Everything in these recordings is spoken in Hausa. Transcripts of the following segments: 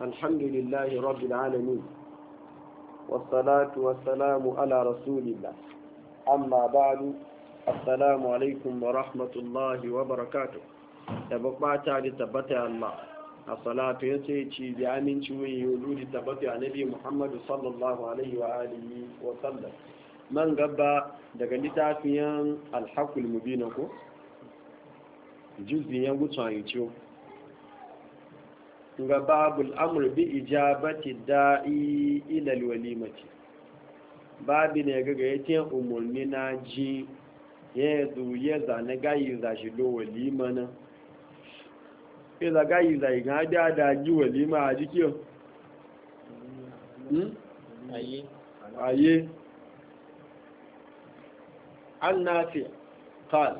الحمد لله رب العالمين والصلاة والسلام على رسول الله أما بعد السلام عليكم ورحمة الله وبركاته تبقى تعالي تبتع الله الصلاة يتيجي بعمل شوي يولود تبتع نبي محمد صلى الله عليه وآله وسلم من قبع دقل تعفيا الحق المبين جزء ينقص عن يتيوه ga babul amur bi ijabati da'i ila walimati babu ne ga ga yake umarni na ji ye za ne ga yi za shi do walima nan ya za yi za yi ga da da ji walima a jiki hmm? aye aye an nafi قال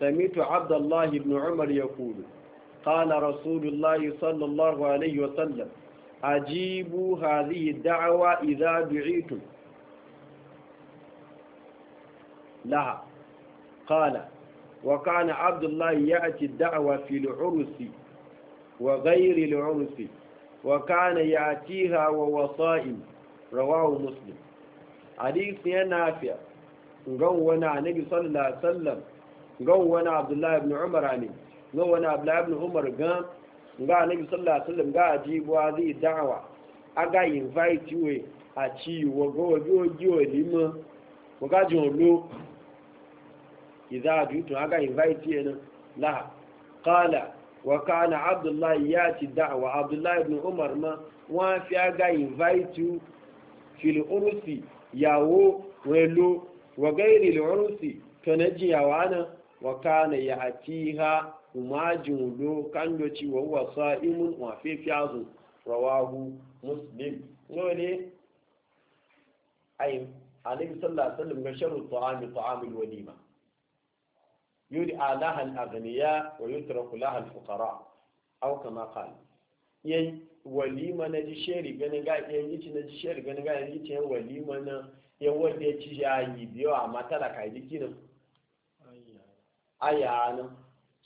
سمعت عبد الله بن عمر يقول قال رسول الله صلى الله عليه وسلم أجيبوا هذه الدعوة إذا دعيتم لها قال وكان عبد الله يأتي الدعوة في العرس وغير العرس وكان يأتيها ووصائم رواه مسلم حديث نافع قونا النبي صلى الله عليه وسلم قونا عبد الله بن عمر عليه ga wani abdullahi ibn umar ga ga annabi sallallahu alaihi wasallam ga ajibu azi da'wa aga invite we a ci wo go go go limo ko ga jun lo idza ajutu aga invite yana la qala wa kana abdullahi yati da'wa abdullahi ibn umar ma wa fi aga invite you fil urusi yawo welo wa gairi al urusi to na jiyawa na wa kana ya'tiha kuma jinlo kanjo ci wa huwa sa'imun wa fi fiyazu rawahu muslim ne ai alayhi sallallahu alaihi wasallam ga sharu ta'ami al walima yuri alaha al-aghniya wa yutraku laha al-fuqara aw kama qala yayi walima na ji sheri ganin ga yan yici na ji sheri ganin ga yan yici walima na yan wanda ya ci yayi biyo amma talaka yi kinan ayya ayya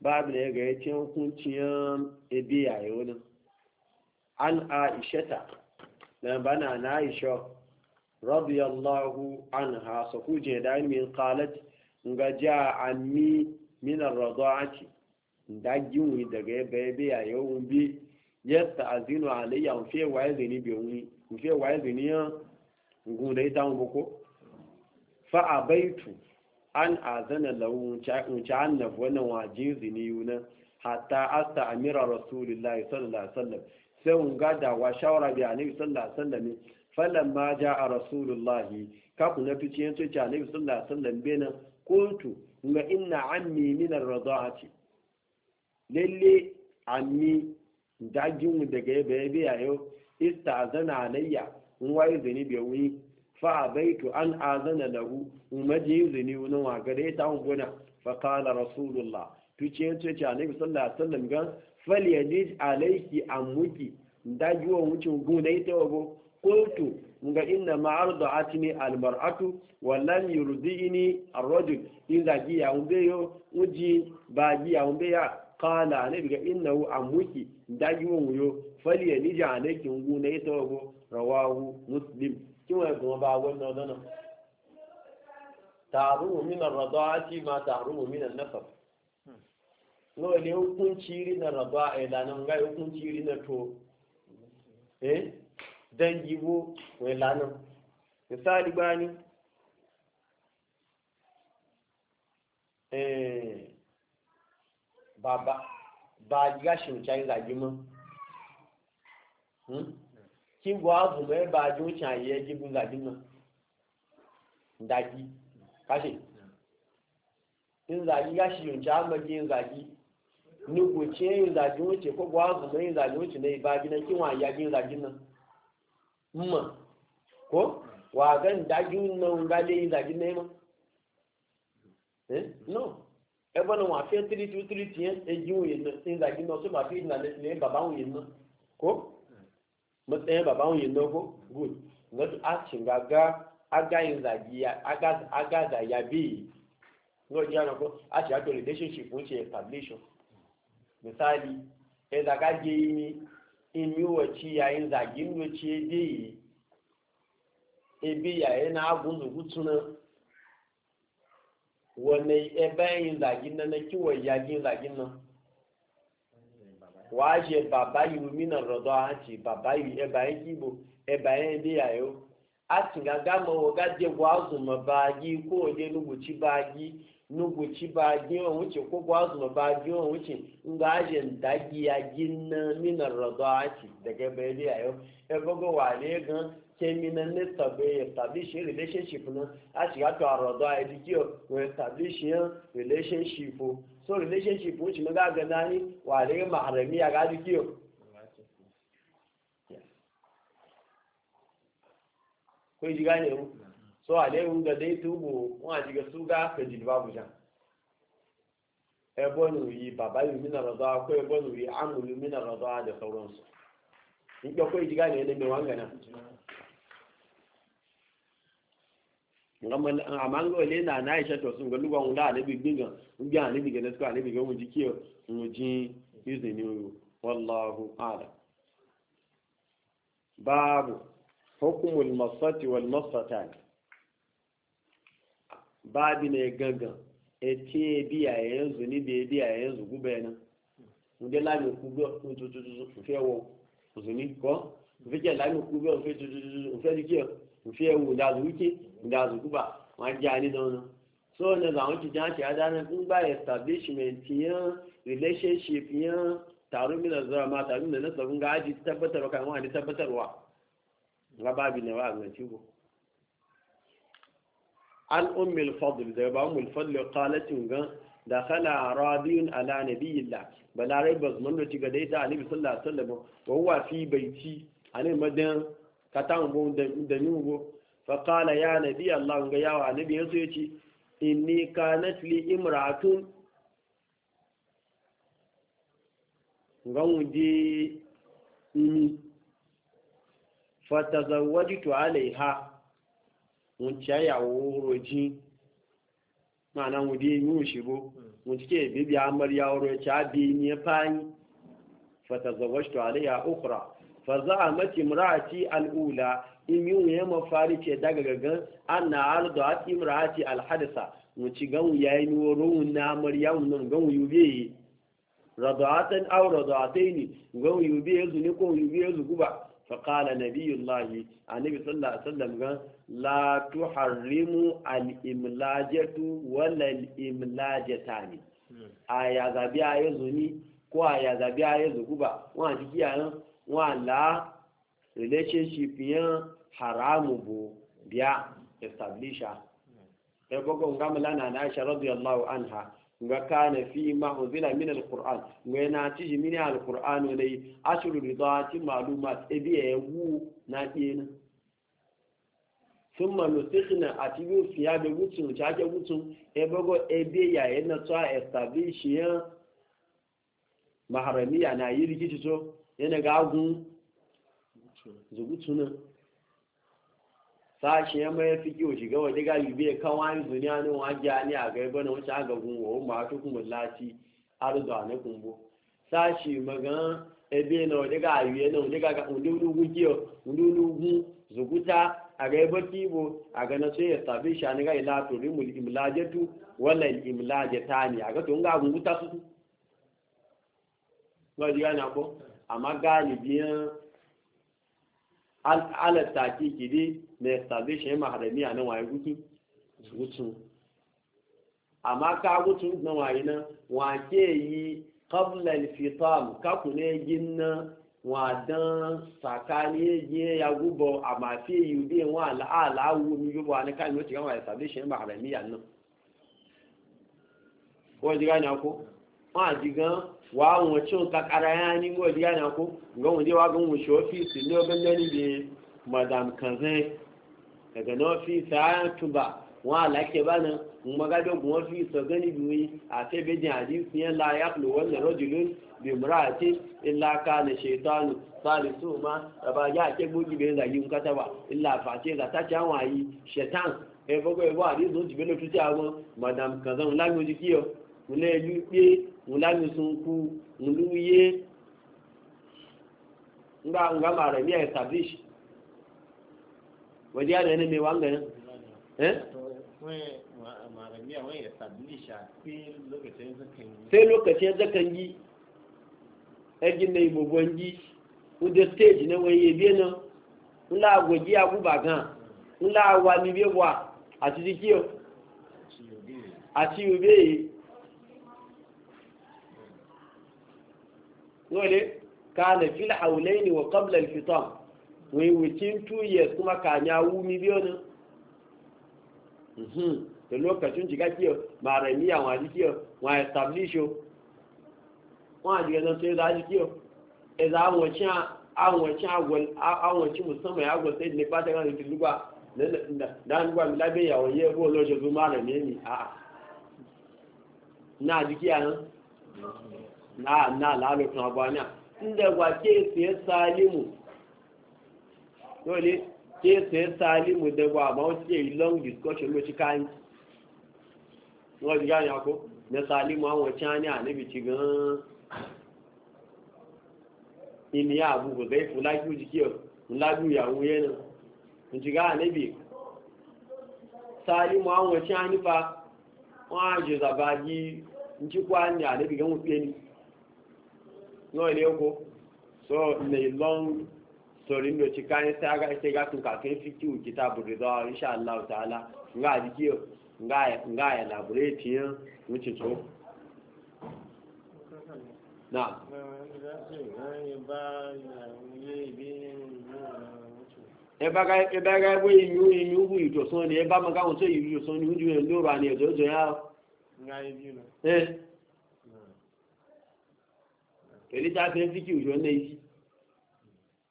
babu ne ga yace hukuncin ebe yayo nan an aishata na bana na isho radiyallahu anha an kuje da min qalat ga ja anni min ar ake dagin wi daga ebe ebe yayo bi yasta azinu alayya fe wa izini bi wuni fe wa izini gun dai ta mu ko fa abaitu an azana lahu ci wannan wajin zini yuna hatta asta amira rasulullahi sallallahu alaihi wasallam sai un gada wa shawara bi annabi sallallahu alaihi wasallam falan ma jaa rasulullahi ka kuna na fice yanzu ci annabi sallallahu alaihi wasallam bena kuntu ga inna ammi min ar-rada'ati lalle ammi dajin daga yabe yabe yayo istazana alayya un wayi zini bi wuni Fa baitu an azana lahu umaji izini wani wa gare ta fa kala rasulullah ce yace ce nabi sallallahu alaihi wasallam gan falyajid alayki amuki dajuwa wucin gunai ta wago qultu ga inna ma atini almar'atu wallan yurdini arrajul inda giya umbe yo uji ba giya umbe ya kala nabi ga hu amuki juwa wuyo falyajid alayki gunai ta wago rawahu muslim kí wọ́n ẹ̀gbọ́n bá wọ́n náà tààrùn mi náà rọ̀dọ́ á sì máa tààrùn mi náà nẹ́fà lọ́wọ́ ni hukunci iri na rọ̀dọ́ ẹ̀dá náà nga hukunci iri na to eh dangi wo wọ́n lánà misali gbani eh baba ba gashin chinese agimọ́ hmm? kí wọ́n azùmọ̀ ẹ bá ajé oṣù àyè ẹgbẹ́gun gàdúnà ndàgí káṣe nzàgí káṣe yòǹtsà amagi nzàgí nugbo tiẹ̀ nzàgí oṣù kó wọ́n azùmọ̀ nzàgí oṣù náà ìbá bí náà kí wọ́n àyè ajé nzàgí náà mma ko wàá gẹ́ ndàgí náà ngalé nzàgí náà mọ́ ẹ́ no ẹgbẹ́ náà wọ́n àfẹ́ tírítírítírítì yẹn ẹ̀jí wọ̀nyẹn náà nzàgí náà sọ́ba fi nà lẹ́yìn bàbá wọ̀nyẹn ko. matsayin baban yin nogo good wasu acin gaga agayin zagiya aga da ya bi no ji ana ko a ti ato relationship wuce establishment misali e zaga je imi imi wace yayin zagin wace yi ebi yayin na agun zugutu na wane ebe yin zagin na na kiwon yagin zagin nan wàá ṣe bàbá yìí mìíràn rọ̀dọ̀ á ṣe bàbá yìí ẹ̀bà yẹn kíbo ẹ̀bà yẹn dé yàyó a ti gàgá mọ wọ́n gàdé wàásù mọ̀ báyìí kó o dé lóògùtì báyìí lóògùtì báyìí ọ̀hún ṣe kó wàásù mọ̀ báyìí ọ̀hún ṣe ń gà á ṣe ń dájí ají ná mìíràn rọ̀dọ̀ á dẹ̀gẹ́ ẹ gbọ́dọ̀ wà gan kemina ne tabe establish a relationship na a ti gàtọ̀ àrọ̀dọ̀ àìdíjì a so relationship wuce maza ga nani ware maharami a gaji kiyo kun ji gane mu so a dai ga dai tubo wọn a jiga su ga ka jilba bujan ebonu yi baba yi mina razawa ko ebonu yi amulu mina razawa da sauransu in kyau kun ji gane ne mai wangana amma ga wale na na ishe to sun ga lugwa wula a nabi gbinga ngbi a nabi ga nasu a nabi ga wuji kiyo wuji izini yoro wallahu ala babu hukumul masati wal masatani babi ne gangan eti ebi a yanzu ni bi ebi a yanzu gube na nde lami kube ntututu nfe wo zuni ko nfe je lami kube nfe tututu da zu ndazu da zu guba wọn ni da wani so ne ki wọn ki ada na in ba establishment yan relationship yan taro mi na zara ma taro da na nasabu gaji aji tabbatar kan wani tabbatar wa nga ba bi na wa ga ci ko an ummi al-fadl da ba ummi al-fadl qalat gan dakhala radiyun ala nabiyillah balare bazman da ci ga dai ta annabi sallallahu alaihi wasallam wa huwa fi baiti ani madan Ka ta katango da nyugo faƙala ya nabi Allah ga yawa nabi ya so ya ce inni kanat li imratun ganwu je ni fatazawwajitu alaiha mun caya woroji ma'ana mu dai mu shigo mun cike bibi amarya woro cha bi ni fani fatazawwajtu alaiha ukhra fa za a mace muraci al'ula in yi wuya mafari ce daga gagan an na ardo a ti mura'ati alhadisa wuci gan ya yi niwo ruhun na amarya wunan gan wuyu yi radu'atan aw radu'ataini ganwu yube ya zuni ko yube ya zuguba fa qala nabiyullahi annabi sallallahu alaihi wasallam gan la tuharrimu al-imlajatu wala al-imlajatani hmm. aya zabi aya zuni ko aya zabi aya zuguba wa jiki ayan Wala relationship yan haramu bu biya establisha ẹ bọ́gọ̀ nga mala na aisha radiyallahu anha nga kana fi ma unzila min alquran nga na tiji min alquran ne ashru ridati malumat e bi e wu na dina thumma nusikhna atibu fiya be gutun cha ke gutun e bọ́gọ̀ e bi ya e na to establish maharamiya na yi rikici to yana gagun zubutuna sashi ya mai fi kiwo shiga wadda galibi ya kan wani zuniya ne wa gya ne a gaiba na wacce aga gun wa ma ta kuma lati arzuwa na kumbo sashi magan ebe na waje ga yi na waje ga undulugun kiyo undulugun zubuta a ga gaiba kibo a ga na sai ya tabi shi a ga ila rimul imlajatu wala imlajatani a ga tun ga gunguta su lọ́dí yá nàbọ́ àmá gáàlì bí yán alẹ́ta kí kìdí na establishment mahadami àná wàá gútú gútún àmá ká gútún na wàá yìí náà wàá ké yí kọ́bùlẹ̀ fitam kákùnlé yìí náà wàá dán sàkáni yìí yagúbọ̀ àmà fi yìí bí wọn àláwù mi yóò bọ̀ àná káyọ̀ ló ti ká wàá establishment mahadami àná. wọ́n ti ká ní akó. wọn àti gan wà wọn tí wọn kakara yẹn ní wọn ìdí àná kó nǹkan wọn dé wá gan wọn ṣe ọfíìsì ní ọgbẹ lẹni bíi madam kanzan ẹgbẹ náà ọfíìsì àyàntúbà wọn àlàkẹ bá náà mọ́gájọ́gùn wọ́n fi sọ̀gán níbi wí àtẹ́bẹ̀dẹ̀ àdínsí ńlá ayápùlò wọ́n lẹ̀rọ jùlọ bèmúra àti ńlá ká lè ṣètọ́nù sáàlì tó má bàbá yá àtẹ́gbójì bẹ̀rẹ̀ ìlàyé nkátàwà ńlá àfàṣẹ ìlàtàṣẹ àwọn àyí ṣẹ̀tàn ẹ̀fọ́gbọ́ ẹ̀fọ́ àdínsó jùbẹ́lẹ̀ tó tẹ́ àwọn madam kazan lágbójú kí ọ ŋlɛ lu kpe ŋla mi sunku ŋlu ye nga nga ma rɛ mi yɛ establish wòdi yà lẹni mi wà ń gẹ̀rẹ́. sai lokacin zakan yi ẹgbẹ́ na ìgbògbò ń yí ọdẹ stage na wọ́n yẹ bíẹ́ náà ńlá àgòjì àgùbà gan ńlá àwa níbi wà àti dìkí ọ àti òbí yìí. dole kana fil haulaini wa qabla al-fitan wai within two years kuma kanya wumi biyo ne mhm. da lokacin jiga kiyo maramiya wa ji kiyo wa establisho wa jiga nan sai za ji kiyo e za mu ci an wace agwal an wace musamman ya agwal sai ne fata kan rikin lugwa da an gwa milabe ya wanye bo lojo zu maramiya ni a na ji kiya nan na na lalutun abana inda ba ke siye salimu dole ke siye salimu da ba ma wasu ke long discussion lo cika yi wọ́n ti gáyà na salimu àwọn can ní àníbi ci gan ìní àbú kò gẹ́ fún lájú jíkí ọ̀ lájú ìyàwó yẹn náà ń ti gáyà níbi salimu àwọn can nípa wọ́n á jẹ́ zàbáyí ci kwa ní àníbi gan wọ́n pé ni náà ilé oko so na ìlọ́n sọ̀rọ̀ nínú ti káyẹ́ sí aga ẹsẹ̀ ga tún kàkẹ́ fíkì òkìta bòrè lọ iṣẹ́ aláwọ̀ tààlà nga àdìgí ọ̀ nga ẹ̀làbòrè tìyàn ń tuntun. náà. ẹba ga ẹgbẹ́ ìlú ìlú ìwú ìjọsán ni ẹba mọ́ká wọn tó ìlú ìjọsán ni ó ju ẹ̀ lóra ni ẹ̀jọ́ ìjọ yá. nga ibi to littafin fiki ujo na yi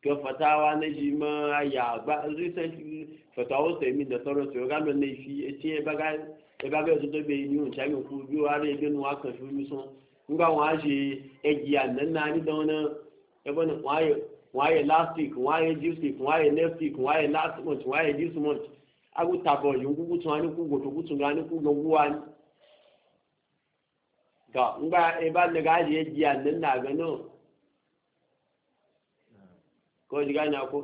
to fatawa na shi ma ya ba recent fatawa sai min da sauran su ga na shi e ti e baga e baga su to be ni un chami ku bi wa re be nu wa kan shuru sun ngba wa je e ji anan na ni don na e bon wa ye wa ye last week wa ye this week wa ye next week wa ye last month wa ye this month agu tabo yungu gutu ani ku goto gutu ngani ku ngogu ani ga ngba ebe ne ga je ji annan na ga no ko ji ga na ko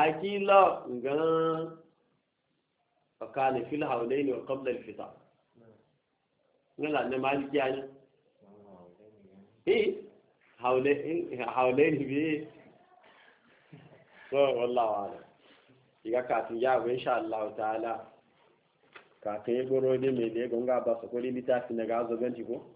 akila ngan fakane fil hawlaini wa qabla al fita ngala ne maliki ee eh hawlaini hawlaini bi so wallahi wala iga ka tin ya go insha Allah ta'ala ka tin goro de me ne gonga ba so ko limita tin ga zo ganti ko